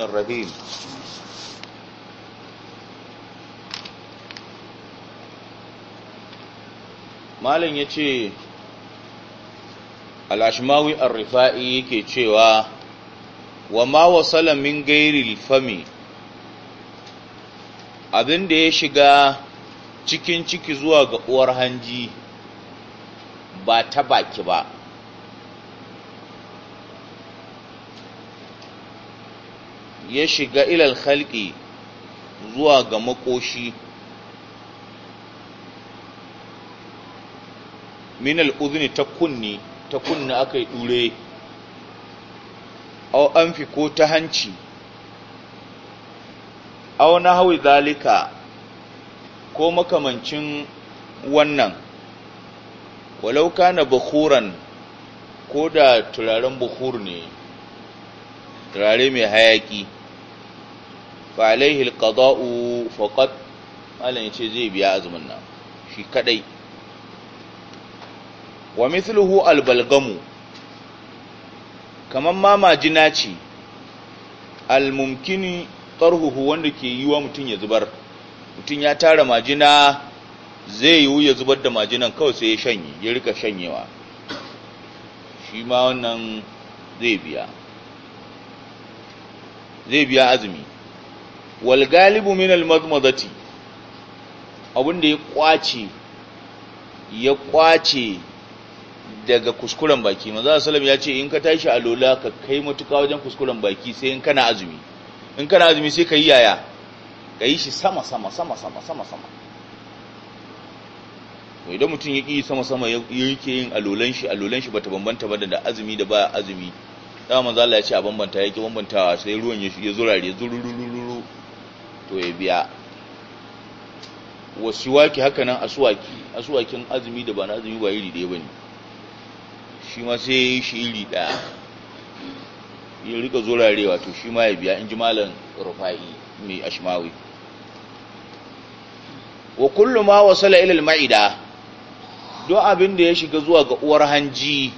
الرحمن malam ya ce al'ashmawi al-rifa'i yake cewa wa ma fami abin da ya shiga cikin ciki zuwa ga uwar hanji ba ta baki ba ya shiga ilal khalqi zuwa ga makoshi min al'udhini ta kunni ta kunna aka yi ɗure an fi ko ta hanci aw na hawi zalika ko makamancin wannan walau kana bukhuran ko da turaren bukhur ne turare mai hayaki fa alaihi alqada'u faqat malan yace zai biya azumin nan shi kadai wa mithluhu albalgamu kaman ma majina ce almumkini tarhuhu wanda ke yi wa mutum ya zubar mutum ya tara majina zai yiwu ya zubar da majinan kawai sai ya shanye ya rika shanyewa shi ma wannan zai biya zai biya azumi wal galibu min al madmadati abinda da ya kwace ya kwace daga kuskuren baki manzo sallam ya ce in ka tashi a lola ka kai matuka wajen kuskuren baki sai in kana azumi in kana azumi sai ka yi yaya ka yi shi sama sama sama sama sama sama idan mutum ya yi sama sama ya yake yin alolan shi alolan shi bata bambanta ba da azumi da ba azumi dama manzo Allah ya ce a bambanta yake bambantawa sai ruwan ya zurare zururururu to ya biya wasiwaki haka nan asuwaki asuwakin azumi da ba na azumi ba iri ɗaya ba ne shi ma sai ya yi shi iri ɗaya ya rika zurarewa to shi ma ya biya in ji malam rufa'i mai ashimawi wa kullu ma wasala ila maida don abin da ya shiga zuwa ga uwar hanji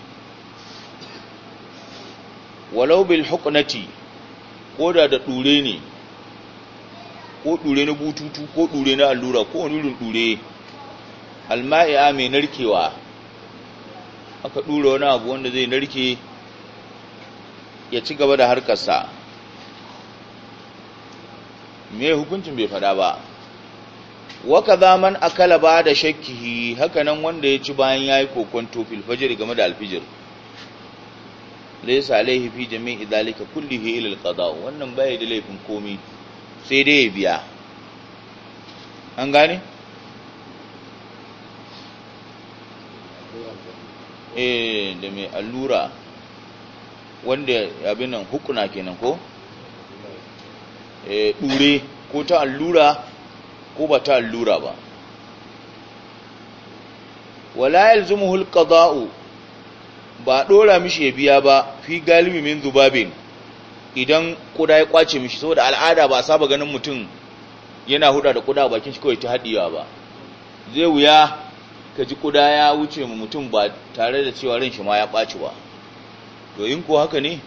walau bil hukunati ko da ɗure ne ko ɗure na bututu ko ɗure na allura ko wani ɗure Alma'a mai narkewa aka ɗura wani abu wanda zai narke ya ci gaba da harkarsa me hukuncin bai fada ba waka zaman akala ba da shakkihi hakanan wanda ya ci bayan ya yi kokonto filfajir game da alfijir laisa alaihi fi jami'i dalika kullihi ilal qada wannan baya da laifin komai sai dai ya biya an gani? eh da mai allura wanda abin nan hukuna kenan ko eh dure ko ta allura ko ba ta allura ba wala yalzumuhu alqada'u ba dora mishi ya biya ba fi galibi min zubabin idan kuda ya kwace mishi saboda al'ada ba a saba ganin mutum yana huda da kuda bakin shi kawai ta haɗiwa ba zai wuya ka ji kuda ya wuce mu mutum ba tare da cewa ran shi ma ya kwace ba to in ko haka ne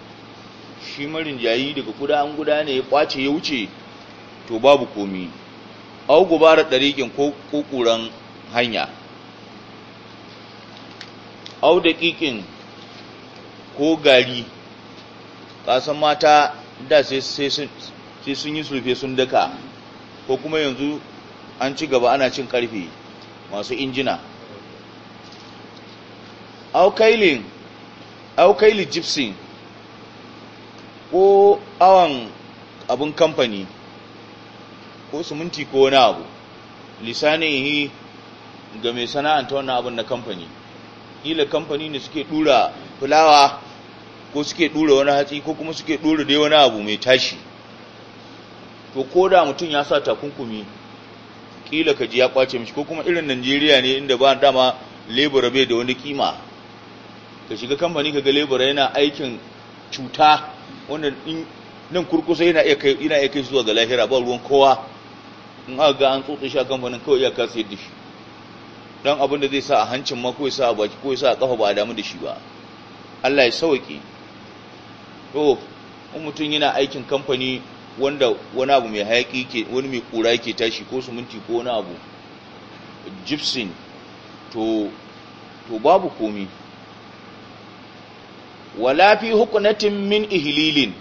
shi marin jayi daga kuda an guda ne ya kwace ya wuce to babu komi au gubara ɗariƙin ko hanya au daƙiƙin ko gari kasan mata da sai sun yi sulfe sun daka ko kuma yanzu an ci gaba ana cin karfe masu injina aukailin aukaili gypsy ko awon abin kamfani ko suminti ko wani abu lisanihi ga mai sana'anta wannan abin na kamfani ila kamfani ne suke dura fulawa ko suke ɗura wani hatsi ko kuma suke ɗura dai wani abu mai tashi to ko da mutum ya sa takunkumi kila ka ji ya kwace mishi ko kuma irin Najeriya ne inda ba dama lebura bai da wani kima ka shiga kamfani ka ga lebura yana aikin cuta wanda nan kurkusa yana iya kai yana zuwa ga lahira ba ruwan kowa in aka ga an tsotsi shi a kamfanin kawai iya kasa yadda shi dan abin da zai sa a hancin ma ko sa a baki ko sa a kafa ba a damu da shi ba Allah ya sauke to in mutum yana aikin kamfani wanda wani abu mai hayaki ke wani mai kura ke tashi ko suminti ko wani abu gypsum to babu komi wala fi hukunatin min ihlilin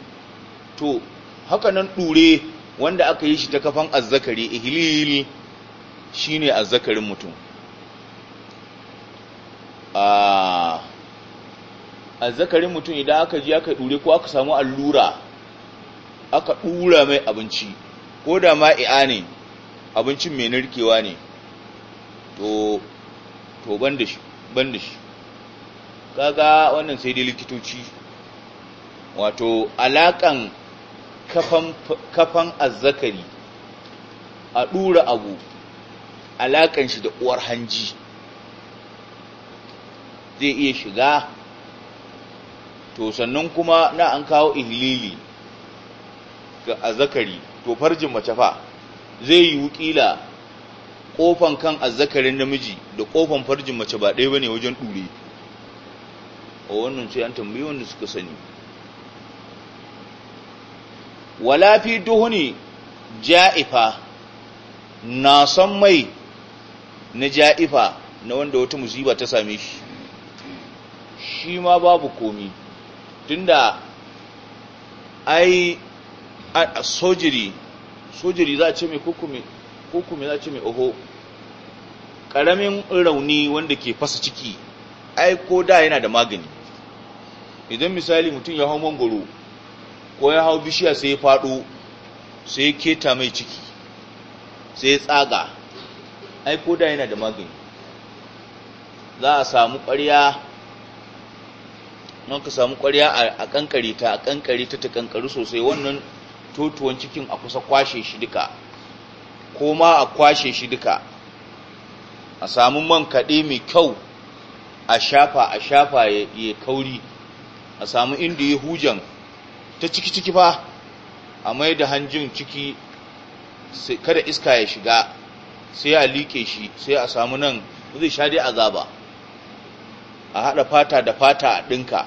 to haka nan dure wanda aka yi shi ta kafan azzakari ihlil shine azzakarin mutum ah azzakarin mutum idan aka ji aka dure ko aka samu allura aka dura mai abinci ko da ma i'a ne abincin mai narkewa ne to to ban da shi ban shi kaga wannan sai dai likitoci wato alakan kafan kafan azzakari a dura abu alakan shi da uwar hanji zai iya shiga to sannan kuma na an kawo ihlili ga azzakari to farjin mace fa zai yi ƙila kofan kan azzakarin namiji da kofan farjin mace ba ɗaya bane wajen dure a wannan sai an tambayi wanda suka sani wala fi duhuni ja'ifa na san mai na ja'ifa na wanda wata musiba ta same shi shi ma babu komi tunda ai a sojiri sojiri za a ce mai kukume kukume za a ce mai oho ƙaramin rauni wanda ke fasa ciki ai ko da yana da magani idan misali mutum ya hau mangoro ko ya hau bishiya sai ya faɗo sai ya keta mai ciki sai ya tsaga ai ko da yana da magani za a samu ƙwarya nan ka samu ƙwarya a kankare ta a kankare ta ta kankaru sosai wannan totuwan cikin a kusa kwashe shi duka ko ma a kwashe shi duka a samu man kaɗe mai kyau a shafa a shafa ya kauri a samu inda ya hujan ta ciki-ciki fa a mai da hanjin ciki kada iska ya shiga sai a liƙe shi sai a samu nan zai sha dai a azaba a haɗa fata da fata a ɗinka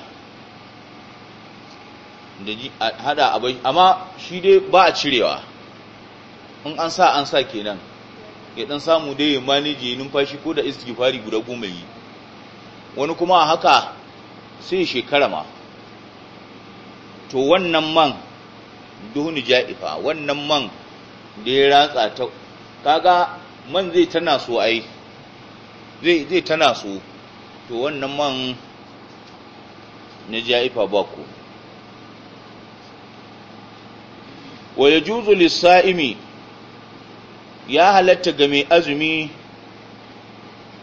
da hada abai amma shi dai ba a cirewa in an sa an sa kenan ya dan samu dai ya manage numfashi ko da istighfari guda goma yi wani kuma haka sai shekara ma to wannan man duhuni ja'ifa wannan man da ya ratsa ta kaga man zai tana so ai zai zai tana so to wannan man na ja'ifa ba ku wa ya juzu saimi ya halatta ga mai azumi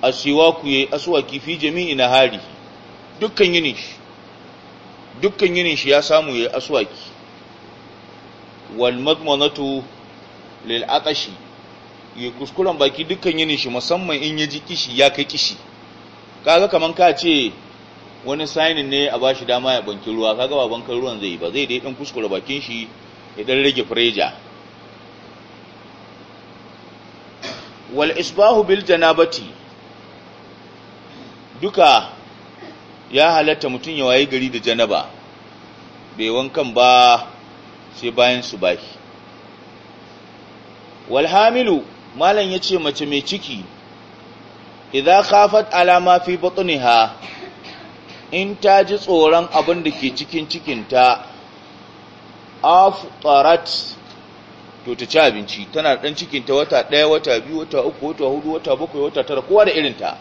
a yayi aswaki fi jami'i hari dukkan yinin shi dukkan yinin shi ya samu ya yayi ki wal madmanatu lil ya kuskuren baki dukkan yinin shi musamman in ya ji kishi ya kai kishi kaga kaman ka ce wani sainin ne a bashi dama ya banki ruwa kaga ba bankan ruwan zai ba zai dai dan kuskure bakin shi idan rage fureja wal isbahu bil janabati duka ya halatta mutum ya waye gari da janaba bai wankan ba sai bayan su baki wal hamilu malam yace mace mai ciki idza khafat ala ma fi batniha in ta ji tsoron abin da ke cikin cikinta afqarat to ta ci abinci tana dan cikin ta wata ɗaya wata biyu wata uku wata hudu wata bakwai wata tara kowa da irin ta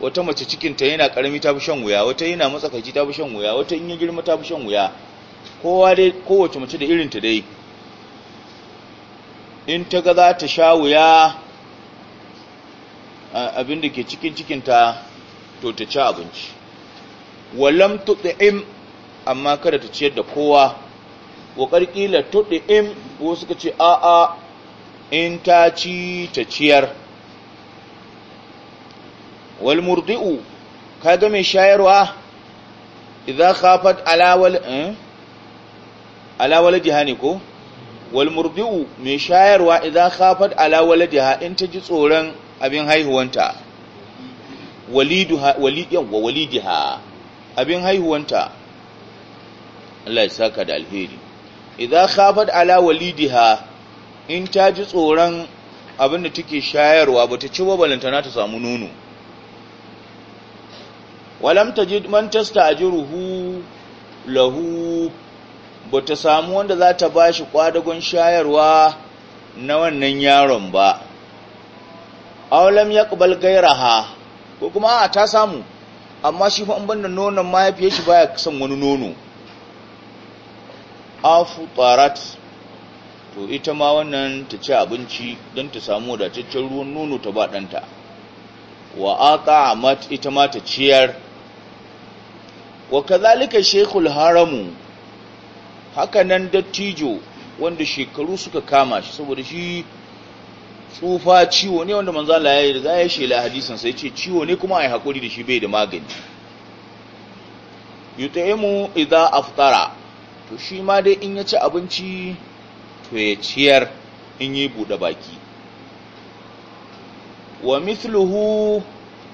wata mace cikin ta yana karami ta fi shan wuya wata yana matsakaici ta fi shan wuya wata in ya girma ta fi shan wuya kowa dai kowace mace da irin ta dai in ta ga za ta sha wuya abin da ke cikin cikin ta, to ta ci abinci lam tu'im amma kada ta ciyar da kowa wa ƙarƙila tuɗi in wasu suka ce a'a in ta ci ta ciyar wal murdi'u ga mai shayarwa idza khafat alawal jiha eh? jihani ko wal murdi'u mai shayarwa idza khafat alawal jiha in ta ji tsoron abin haihuwanta waliduha wa walidiha abin haihuwanta Allah ya saka da alheri idza khafat ala walidiha in ta ji tsoron abin da take shayarwa bata ci ba balantana ta samu nono walam tajid man tasta'jiruhu lahu bata samu wanda za ta bashi kwadagon shayarwa na wannan yaron ba aulam yaqbal gairaha ko kuma a ta samu amma shi fa an banda nonon mahaifiyar shi baya son wani nono afutarat to ita ma wannan ta ci abinci don ta samu wadataccen ruwan nono ta ba ɗanta wa amat ita ma ta ciyar wa kazalika shekul haramu hakanan dattijo wanda shekaru suka kama shi saboda shi tsufa ciwo ne wanda manzo Allah ya yi da ya shela hadisin sai ce ciwo ne kuma ai hakuri da shi bai da magani yutaimu idza aftara to shi ma dai in ya ci abinci to ya ciyar in yi buɗe baki wa mithluhu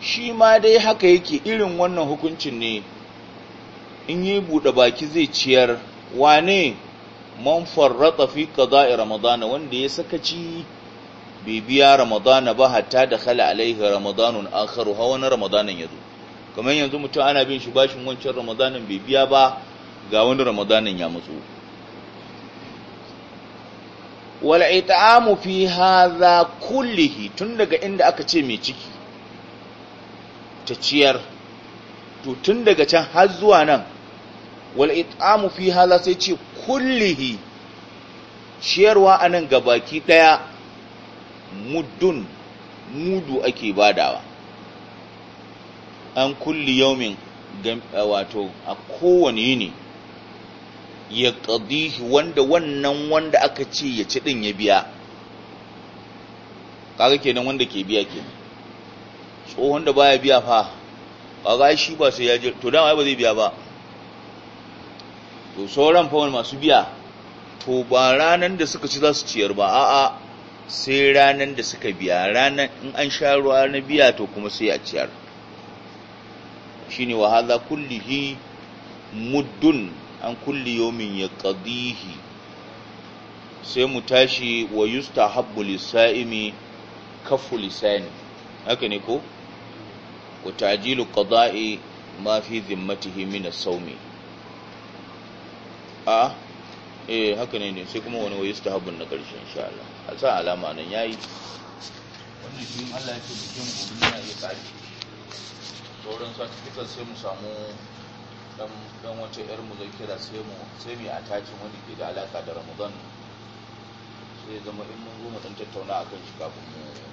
shi ma dai haka yake irin wannan hukuncin ne in yi buɗe baki zai ciyar wane man farrata fi qada'i ramadana wanda ya saka ci bibiya ramadana ba hatta da khala alaihi ramadanun akharu hawa na ramadanan yazo kamar yanzu mutum ana bin shi bashin wancan ramadanan bai biya ba ga wani ramadanin ya matsu wal it'amu fi hadha kullihi tun daga inda aka ce mai ciki ta ciyar to tun daga can har zuwa nan wal it'amu fi hadha sai ce kullihi ciyarwa a anan gabaki daya muddun mudu ake badawa an kulli yaumin wato a kowane yini ya qadihi wanda wannan wanda aka ce ya ci din ya biya kaga kenan wanda ke biya kenan tsohon da baya biya fa kaga shi ba sai ya je to dama ba zai biya ba to sauran fawon masu biya to ba ranan da suka ci za su ciyar ba a'a sai ranan da suka biya ranan in an sha ruwa na biya to kuma sai a ciyar shine wa haza kullihi muddun an kulli yomin ya ƙadihi sai mu tashi wa yustahabbu lisaimi kafu lissani, haka ne ko ku ta'jilu qada'i ma fi zimmatihi mina saumi a eh haka ne ne sai kuma wani wa yustahabbu na ƙarshen sha’ala a sa alama nan ya wannan shi Allah ya ce bikin gobe ya ƙari kare sauran sa sai mu samu dan wata yar muzakkira sai mu sai mu attachin wani ke da alaka da Ramadan sai zama in mun zo mu dan tattauna akan shi kafin mu